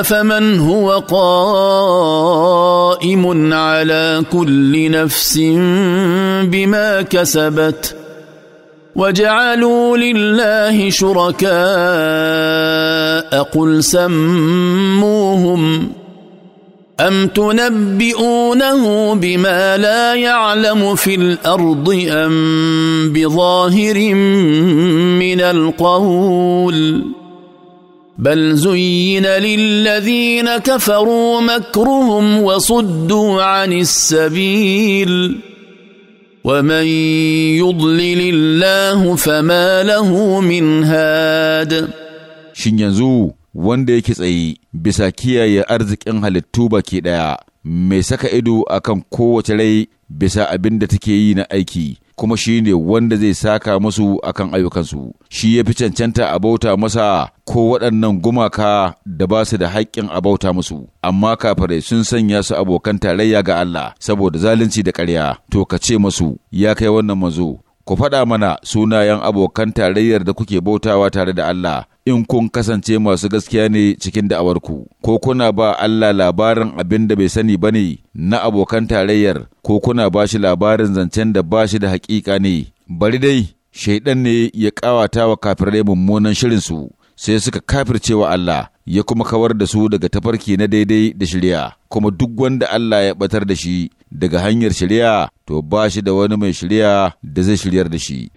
افمن هو قائم على كل نفس بما كسبت وجعلوا لله شركاء قل سموهم ام تنبئونه بما لا يعلم في الارض ام بظاهر من القول بل زين للذين كفروا مكرهم وصدوا عن السبيل ومن يضلل الله فما له من هاد shin yanzu wanda yake tsaye bisa kiyaye arzikin halittu baki ɗaya mai saka ido akan kowace rai bisa abin da take yi na aiki kuma shi ne wanda zai saka musu akan ayyukansu shi ya fi cancanta a bauta masa ko waɗannan gumaka da ba su da haƙƙin a bauta musu amma kafirai sun sanya su abokan tarayya ga Allah saboda zalunci da ƙarya to ka ce musu ya kai wannan manzo ku faɗa mana sunayen abokan tarayyar da kuke bautawa tare da Allah in kun kasance masu gaskiya ne cikin da'awarku, ko kuna ba Allah labarin abin da bai sani ba ne na abokan tarayyar, ko kuna ba shi labarin zancen da ba shi da haƙiƙa ne, bari dai, shaiɗan ne ya ƙawata wa kafirai mummunan shirinsu, sai suka kafirce wa Allah, ya kuma kawar da su daga tafarki na daidai da shirya, kuma duk wanda Allah ya batar da shi daga hanyar shirya, to ba shi da wani mai shirya da zai shiryar da shi.